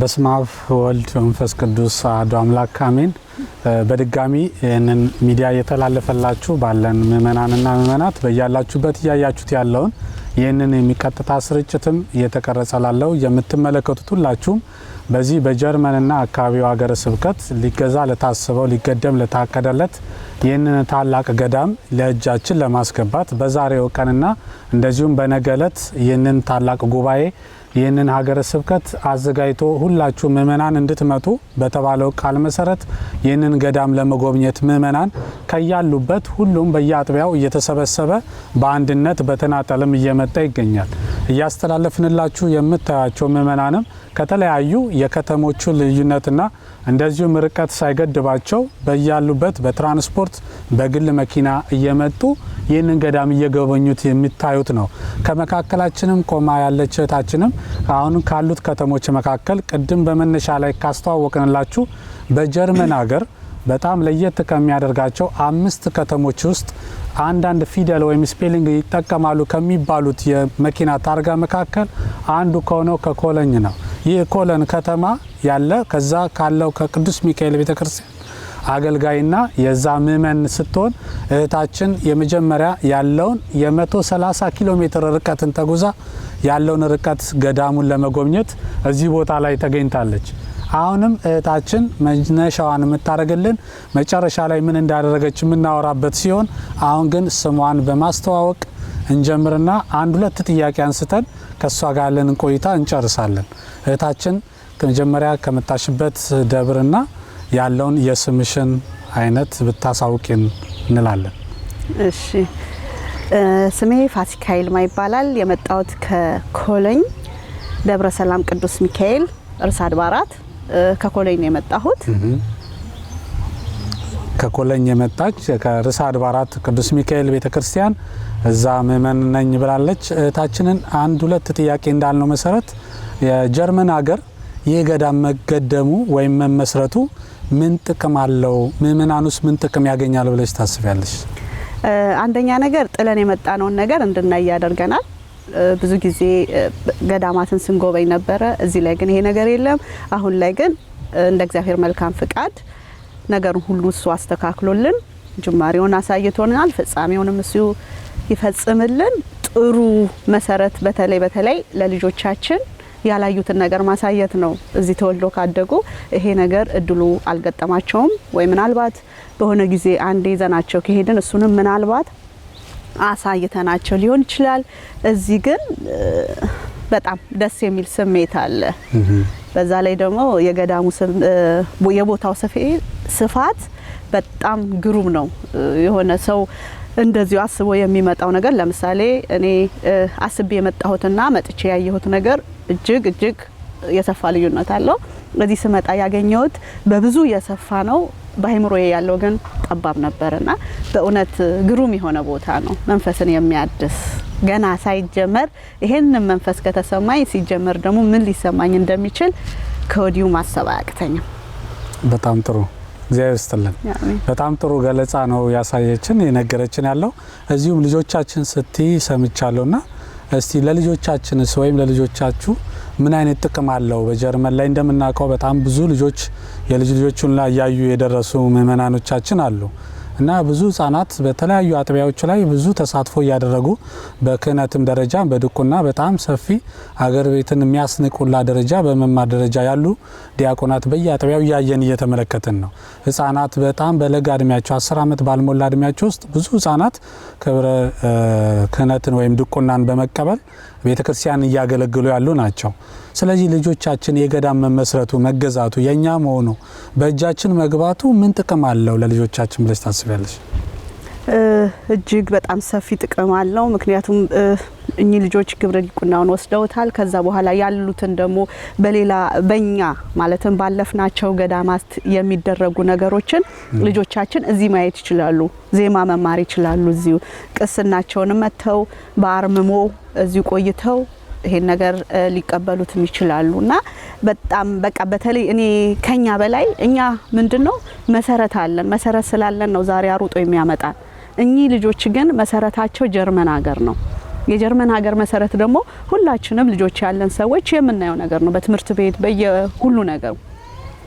በስመ አብ ወልድ መንፈስ ቅዱስ አሐዱ አምላክ አሜን። በድጋሚ ይህንን ሚዲያ እየተላለፈላችሁ ባለን ምእመናንና ምእመናት በያላችሁበት እያያችሁት ያለውን ይህንን የሚቀጥታ ስርጭትም እየተቀረጸ ላለው የምትመለከቱት ሁላችሁም በዚህ በጀርመንና አካባቢው ሀገረ ስብከት ሊገዛ ለታስበው ሊገደም ለታቀደለት ይህንን ታላቅ ገዳም ለእጃችን ለማስገባት በዛሬው ቀንና እንደዚሁም በነገ ዕለት ይህንን ታላቅ ጉባኤ ይህንን ሀገረ ስብከት አዘጋጅቶ ሁላችሁ ምእመናን እንድትመጡ በተባለው ቃል መሰረት ይህንን ገዳም ለመጎብኘት ምእመናን ከያሉበት ሁሉም በየአጥቢያው እየተሰበሰበ በአንድነት በተናጠልም እየመጣ ይገኛል። እያስተላለፍንላችሁ የምታያቸው ምእመናንም ከተለያዩ የከተሞቹ ልዩነትና እንደዚሁም ርቀት ሳይገድባቸው በያሉበት በትራንስፖርት በግል መኪና እየመጡ ይህንን ገዳም እየጎበኙት የሚታዩት ነው። ከመካከላችንም ቆማ ያለች እህታችንም አሁን ካሉት ከተሞች መካከል ቅድም በመነሻ ላይ ካስተዋወቅንላችሁ በጀርመን ሀገር በጣም ለየት ከሚያደርጋቸው አምስት ከተሞች ውስጥ አንዳንድ ፊደል ወይም ስፔሊንግ ይጠቀማሉ ከሚባሉት የመኪና ታርጋ መካከል አንዱ ከሆነው ከኮለኝ ነው። ይህ ኮለን ከተማ ያለ ከዛ ካለው ከቅዱስ ሚካኤል ቤተክርስቲያን አገልጋይና የዛ ምእመን ስትሆን እህታችን የመጀመሪያ ያለውን የ130 ኪሎ ሜትር ርቀትን ተጉዛ ያለውን ርቀት ገዳሙን ለመጎብኘት እዚህ ቦታ ላይ ተገኝታለች። አሁንም እህታችን መነሻዋን የምታደርግልን መጨረሻ ላይ ምን እንዳደረገች የምናወራበት ሲሆን አሁን ግን ስሟን በማስተዋወቅ እንጀምርና አንድ ሁለት ጥያቄ አንስተን ከእሷ ጋር ያለንን ቆይታ እንጨርሳለን። እህታችን መጀመሪያ ከመጣሽበት ደብርና ያለውን የስምሽን አይነት ብታሳውቂን እንላለን። እሺ፣ ስሜ ፋሲካ ይልማ ይባላል። የመጣሁት ከኮሎኝ ደብረ ሰላም ቅዱስ ሚካኤል እርስ አድባራት ከኮሎኝ ነው የመጣሁት። ከኮለኝ የመጣች ከርዕሰ አድባራት ቅዱስ ሚካኤል ቤተ ክርስቲያን እዛ ምእመን ነኝ ብላለች እህታችንን። አንድ ሁለት ጥያቄ እንዳልነው መሰረት የጀርመን ሀገር ይህ ገዳም መገደሙ ወይም መመስረቱ ምን ጥቅም አለው? ምእመናኑስ ምን ጥቅም ያገኛል ብለሽ ታስቢያለሽ? አንደኛ ነገር ጥለን የመጣነውን ነገር እንድናይ ያደርገናል። ብዙ ጊዜ ገዳማትን ስንጎበኝ ነበረ። እዚህ ላይ ግን ይሄ ነገር የለም። አሁን ላይ ግን እንደ እግዚአብሔር መልካም ፍቃድ ነገሩን ሁሉ እሱ አስተካክሎልን ጅማሬውን አሳይቶናል። ፍጻሜውንም እሱ ይፈጽምልን። ጥሩ መሰረት በተለይ በተለይ ለልጆቻችን ያላዩትን ነገር ማሳየት ነው። እዚህ ተወልዶ ካደጉ ይሄ ነገር እድሉ አልገጠማቸውም ወይ ምናልባት በሆነ ጊዜ አንዴ ይዘናቸው ከሄድን እሱንም ምናልባት አሳይተናቸው ሊሆን ይችላል። እዚህ ግን በጣም ደስ የሚል ስሜት አለ። በዛ ላይ ደግሞ የገዳሙ የቦታው ስፋት በጣም ግሩም ነው። የሆነ ሰው እንደዚሁ አስቦ የሚመጣው ነገር ለምሳሌ እኔ አስቤ የመጣሁትና መጥቼ ያየሁት ነገር እጅግ እጅግ የሰፋ ልዩነት አለው። እዚህ ስመጣ ያገኘሁት በብዙ የሰፋ ነው። በአይምሮዬ ያለው ግን ጠባብ ነበርና በእውነት ግሩም የሆነ ቦታ ነው፣ መንፈስን የሚያድስ ገና ሳይጀመር ይሄንን መንፈስ ከተሰማኝ ሲጀመር ደግሞ ምን ሊሰማኝ እንደሚችል ከወዲሁ ማሰብ አያቅተኝም። በጣም ጥሩ እግዚአብሔር ይስጥልን። በጣም ጥሩ ገለጻ ነው ያሳየችን የነገረችን ያለው እዚሁም ልጆቻችን ስቲ ሰምቻለሁና እስቲ ለልጆቻችንስ ወይም ለልጆቻችሁ ምን አይነት ጥቅም አለው? በጀርመን ላይ እንደምናውቀው በጣም ብዙ ልጆች የልጅ ልጆቹን ላይ እያዩ የደረሱ ምእመናኖቻችን አሉ። እና ብዙ ህጻናት በተለያዩ አጥቢያዎች ላይ ብዙ ተሳትፎ እያደረጉ በክህነትም ደረጃ በድቁና በጣም ሰፊ አገር ቤትን የሚያስንቁላ ደረጃ በመማር ደረጃ ያሉ ዲያቆናት በየአጥቢያው እያየን እየተመለከትን ነው። ህጻናት በጣም በለጋ እድሜያቸው አስር ዓመት ባልሞላ እድሜያቸው ውስጥ ብዙ ህጻናት ክብረ ክህነትን ወይም ድቁናን በመቀበል ቤተ ክርስቲያን እያገለግሉ ያሉ ናቸው። ስለዚህ ልጆቻችን የገዳም መመስረቱ መገዛቱ፣ የእኛ መሆኑ በእጃችን መግባቱ ምን ጥቅም አለው ለልጆቻችን ብለሽ ታስቢያለሽ? እጅግ በጣም ሰፊ ጥቅም አለው። ምክንያቱም እኚህ ልጆች ግብረ ዲቁናውን ወስደውታል። ከዛ በኋላ ያሉትን ደግሞ በሌላ በኛ ማለትም ባለፍናቸው ገዳማት የሚደረጉ ነገሮችን ልጆቻችን እዚህ ማየት ይችላሉ። ዜማ መማር ይችላሉ። እዚሁ ቅስናቸውን መጥተው በአርምሞ እዚሁ ቆይተው ይሄን ነገር ሊቀበሉትም ይችላሉ እና በጣም በቃ በተለይ እኔ ከኛ በላይ እኛ ምንድን ነው መሰረት አለን። መሰረት ስላለን ነው ዛሬ አሩጦ የሚያመጣን። እኚህ ልጆች ግን መሰረታቸው ጀርመን ሀገር ነው። የጀርመን ሀገር መሰረት ደግሞ ሁላችንም ልጆች ያለን ሰዎች የምናየው ነገር ነው። በትምህርት ቤት በየሁሉ ነገሩ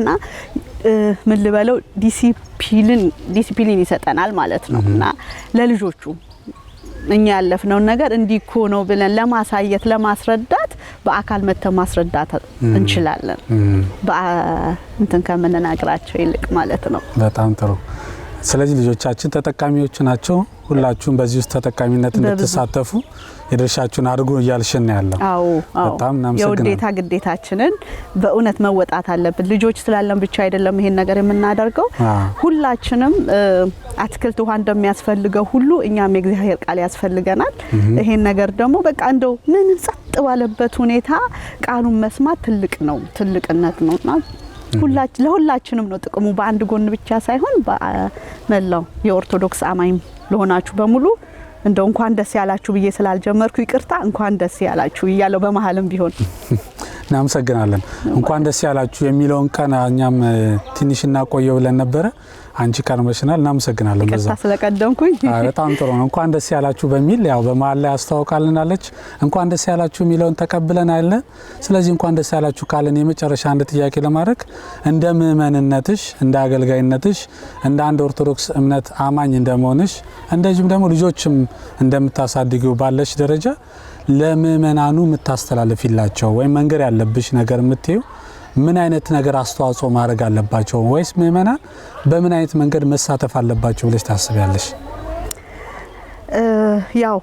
እና ምን ልበለው ዲሲፕሊን ይሰጠናል ማለት ነው እና ለልጆቹ እኛ ያለፍነውን ነገር እንዲኮ ነው ብለን ለማሳየት ለማስረዳት በአካል መተ ማስረዳት እንችላለን፣ እንትን ከምንናግራቸው ይልቅ ማለት ነው። በጣም ጥሩ። ስለዚህ ልጆቻችን ተጠቃሚዎቹ ናቸው። ሁላችሁም በዚህ ውስጥ ተጠቃሚነት እንድትሳተፉ የድርሻችሁን አድርጉ እያልሽን ያለው። አዎ በጣም የውዴታ ግዴታችንን በእውነት መወጣት አለብን። ልጆች ስላለን ብቻ አይደለም ይሄን ነገር የምናደርገው። ሁላችንም አትክልት ውሃ እንደሚያስፈልገው ሁሉ እኛም የእግዚአብሔር ቃል ያስፈልገናል። ይሄን ነገር ደግሞ በቃ እንደው ምንም ጸጥ ባለበት ሁኔታ ቃሉን መስማት ትልቅ ነው፣ ትልቅነት ነውና ለሁላችንም ነው ጥቅሙ። በአንድ ጎን ብቻ ሳይሆን መላው የኦርቶዶክስ አማኝ ለሆናችሁ በሙሉ እንደው እንኳን ደስ ያላችሁ ብዬ ስላልጀመርኩ ይቅርታ፣ እንኳን ደስ ያላችሁ እያለው በመሀልም ቢሆን እናመሰግናለን። እንኳን ደስ ያላችሁ የሚለውን ቀን እኛም ትንሽ እናቆየው ብለን ነበረ። አንቺ ቀድመሽናል። እናመሰግናለን። በዛ ስለቀደምኩኝ በጣም ጥሩ ነው። እንኳን ደስ ያላችሁ በሚል ያው በመሀል ላይ አስተዋውቃልናለች። እንኳን ደስ ያላችሁ የሚለውን ተቀብለን አለ። ስለዚህ እንኳን ደስ ያላችሁ ካለን የመጨረሻ አንድ ጥያቄ ለማድረግ እንደ ምእመንነትሽ፣ እንደ አገልጋይነትሽ፣ እንደ አንድ ኦርቶዶክስ እምነት አማኝ እንደመሆንሽ እንደዚሁም ደግሞ ልጆችም እንደምታሳድጊው ባለሽ ደረጃ ለምእመናኑ የምታስተላልፊላቸው ወይም መንገድ ያለብሽ ነገር የምትይው ምን አይነት ነገር አስተዋጽኦ ማድረግ አለባቸው ወይስ ምእመናን በምን አይነት መንገድ መሳተፍ አለባቸው ብለሽ ታስቢያለሽ? ያው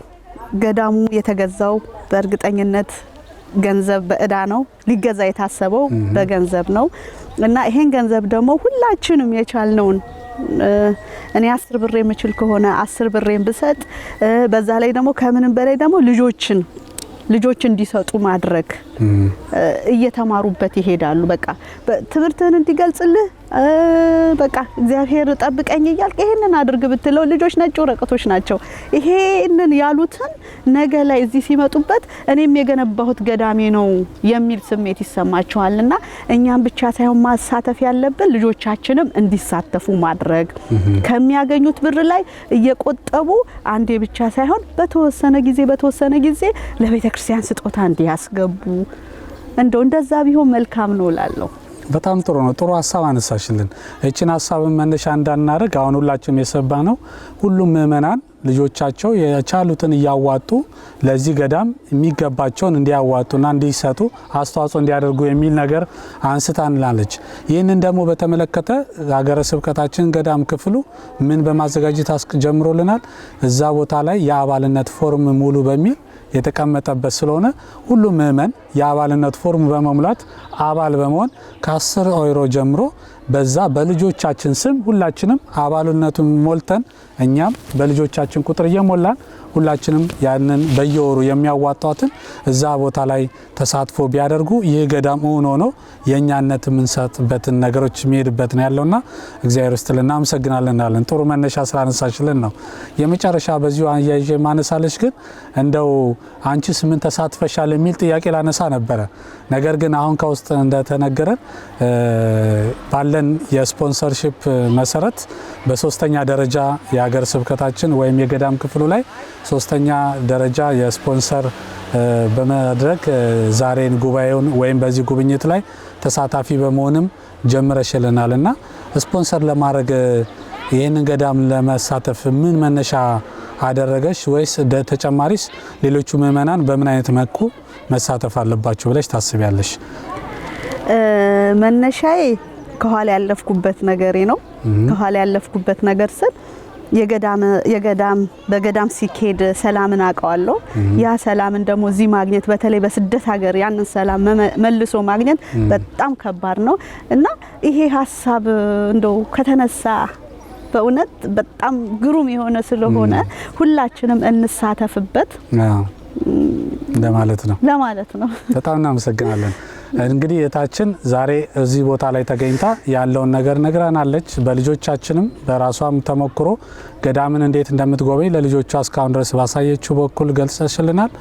ገዳሙ የተገዛው በእርግጠኝነት ገንዘብ በእዳ ነው ሊገዛ የታሰበው በገንዘብ ነው እና ይሄን ገንዘብ ደግሞ ሁላችንም የቻልነውን እኔ አስር ብሬ የምችል ከሆነ አስር ብሬን ብሰጥ፣ በዛ ላይ ደግሞ ከምንም በላይ ደግሞ ልጆችን ልጆች እንዲሰጡ ማድረግ እየተማሩበት ይሄዳሉ። በቃ ትምህርትህን እንዲገልጽልህ በቃ እግዚአብሔር ጠብቀኝ እያልክ ይሄንን አድርግ ብትለው ልጆች ነጭ ወረቀቶች ናቸው። ይሄንን ያሉትን ነገ ላይ እዚህ ሲመጡበት እኔም የገነባሁት ገዳሜ ነው የሚል ስሜት ይሰማቸዋል። እና እኛም ብቻ ሳይሆን ማሳተፍ ያለብን ልጆቻችንም እንዲሳተፉ ማድረግ ከሚያገኙት ብር ላይ እየቆጠቡ አንዴ ብቻ ሳይሆን በተወሰነ ጊዜ በተወሰነ ጊዜ ለቤተክርስቲያን ስጦታ እንዲያስገቡ እንደው እንደዛ ቢሆን መልካም ነው እላለሁ። በጣም ጥሩ ነው። ጥሩ ሀሳብ አነሳሽልን። እችን ሀሳብን መነሻ እንዳናደርግ አሁን ሁላችንም የሰባ ነው። ሁሉም ምእመናን ልጆቻቸው የቻሉትን እያዋጡ ለዚህ ገዳም የሚገባቸውን እንዲያዋጡና እንዲሰጡ አስተዋጽኦ እንዲያደርጉ የሚል ነገር አንስታንላለች። ይህንን ደግሞ በተመለከተ ሀገረ ስብከታችን ገዳም ክፍሉ ምን በማዘጋጀት ጀምሮልናል። እዛ ቦታ ላይ የአባልነት ፎርም ሙሉ በሚል የተቀመጠበት ስለሆነ ሁሉም ምእመን የአባልነት ፎርም በመሙላት አባል በመሆን ከ10 ኦይሮ ጀምሮ በዛ በልጆቻችን ስም ሁላችንም አባልነቱን ሞልተን እኛም በልጆቻችን ቁጥር እየሞላን ሁላችንም ያንን በየወሩ የሚያዋጧትን እዛ ቦታ ላይ ተሳትፎ ቢያደርጉ ይህ ገዳም እውን ሆኖ የእኛነት የምንሰጥበትን ነገሮች የሚሄድበት ነው ያለውና እግዚአብሔር ውስጥ እናመሰግናለን እናለን። ጥሩ መነሻ ስራ አነሳችልን ነው። የመጨረሻ በዚሁ አያይዤ ማነሳለች ግን እንደው አንቺስ ምን ተሳትፈሻል የሚል ጥያቄ ላነሳ ነበረ። ነገር ግን አሁን ከውስጥ እንደተነገረን ባለን የስፖንሰርሽፕ መሰረት በሶስተኛ ደረጃ የሀገር ስብከታችን ወይም የገዳም ክፍሉ ላይ ሶስተኛ ደረጃ የስፖንሰር በማድረግ ዛሬን ጉባኤውን ወይም በዚህ ጉብኝት ላይ ተሳታፊ በመሆንም ጀምረሽልናል እና ስፖንሰር ለማድረግ ይህንን ገዳም ለመሳተፍ ምን መነሻ አደረገሽ ወይስ ተጨማሪስ ሌሎቹ ምእመናን በምን አይነት መልኩ መሳተፍ አለባቸው ብለሽ ታስቢያለሽ? መነሻዬ ከኋላ ያለፍኩበት ነገሬ ነው። ከኋላ ያለፍኩበት ነገር ስል የገዳም በገዳም ሲኬድ ሰላምን አውቀዋለሁ። ያ ሰላምን ደግሞ እዚህ ማግኘት በተለይ በስደት ሀገር ያንን ሰላም መልሶ ማግኘት በጣም ከባድ ነው እና ይሄ ሀሳብ እንደው ከተነሳ በእውነት በጣም ግሩም የሆነ ስለሆነ ሁላችንም እንሳተፍበት ለማለት ነው ለማለት ነው። በጣም እናመሰግናለን። እንግዲህ እህታችን ዛሬ እዚህ ቦታ ላይ ተገኝታ ያለውን ነገር ነግራናለች። በልጆቻችንም በራሷም ተሞክሮ ገዳምን እንዴት እንደምትጎበኝ ለልጆቿ እስካሁን ድረስ ባሳየችው በኩል ገልጸሽልናል።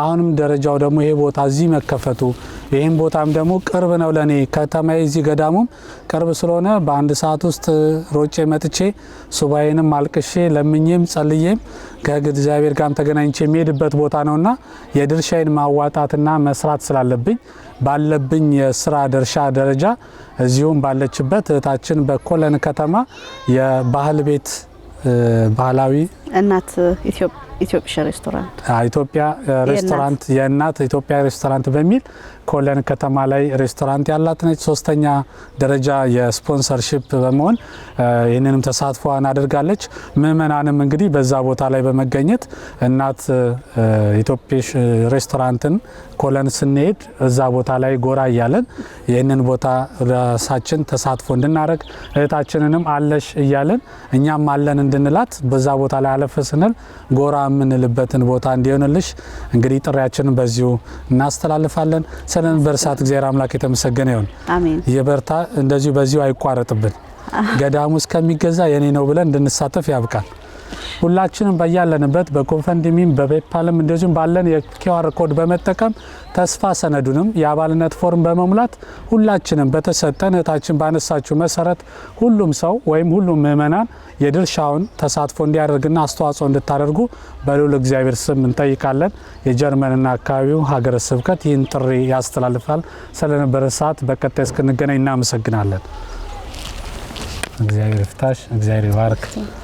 አሁንም ደረጃው ደግሞ ይሄ ቦታ እዚህ መከፈቱ ይህም ቦታም ደግሞ ቅርብ ነው ለእኔ ከተማዬ እዚህ ገዳሙም ቅርብ ስለሆነ በአንድ ሰዓት ውስጥ ሮጬ መጥቼ ሱባኤንም አልቅሼ ለምኜም ጸልዬም ከእግዚአብሔር ጋርም ተገናኝቼ የሚሄድበት ቦታ ነውና የድርሻዬን ማዋጣትና መስራት ስላለብኝ ባለብኝ የስራ ድርሻ ደረጃ እዚሁም ባለችበት እህታችን በኮለን ከተማ የባህል ቤት ባህላዊ እናት ኢትዮጵያ ሬስቶራንት የእናት ኢትዮጵያ ሬስቶራንት በሚል ኮለን ከተማ ላይ ሬስቶራንት ያላት ነች። ሶስተኛ ደረጃ የስፖንሰርሺፕ በመሆን ይህንንም ተሳትፏን አድርጋለች። ምእመናንም እንግዲህ በዛ ቦታ ላይ በመገኘት እናት ኢትዮጵያ ሬስቶራንትን ኮለን ስንሄድ እዛ ቦታ ላይ ጎራ እያለን ይህንን ቦታ ራሳችን ተሳትፎ እንድናደረግ እህታችንንም አለሽ እያለን እኛም አለን እንድንላት በዛ ቦታ ላይ አለፍ ስንል ጎራ የምንልበትን ቦታ እንዲሆንልሽ እንግዲህ ጥሪያችንን በዚሁ እናስተላልፋለን። ስለነበር ሰዓት እግዚአብሔር አምላክ የተመሰገነ ይሁን። አሜን። የበርታ እንደዚሁ በዚሁ አይቋረጥብን። ገዳሙ እስከሚገዛ የኔ ነው ብለን እንድንሳተፍ ያብቃል። ሁላችንም በያለንበት በኮፈንድሚም በፔፓልም እንደዚሁም ባለን የኪዋር ኮድ በመጠቀም ተስፋ ሰነዱንም የአባልነት ፎርም በመሙላት ሁላችንም በተሰጠን እህታችን ባነሳችው መሰረት ሁሉም ሰው ወይም ሁሉም ምእመናን የድርሻውን ተሳትፎ እንዲያደርግና አስተዋጽኦ እንድታደርጉ በልዑል እግዚአብሔር ስም እንጠይቃለን። የጀርመንና አካባቢው ሀገረ ስብከት ይህን ጥሪ ያስተላልፋል። ስለነበረ ሰዓት በቀጣይ እስክንገናኝ እናመሰግናለን። እግዚአብሔር ፍታሽ፣ እግዚአብሔር ይባርክ።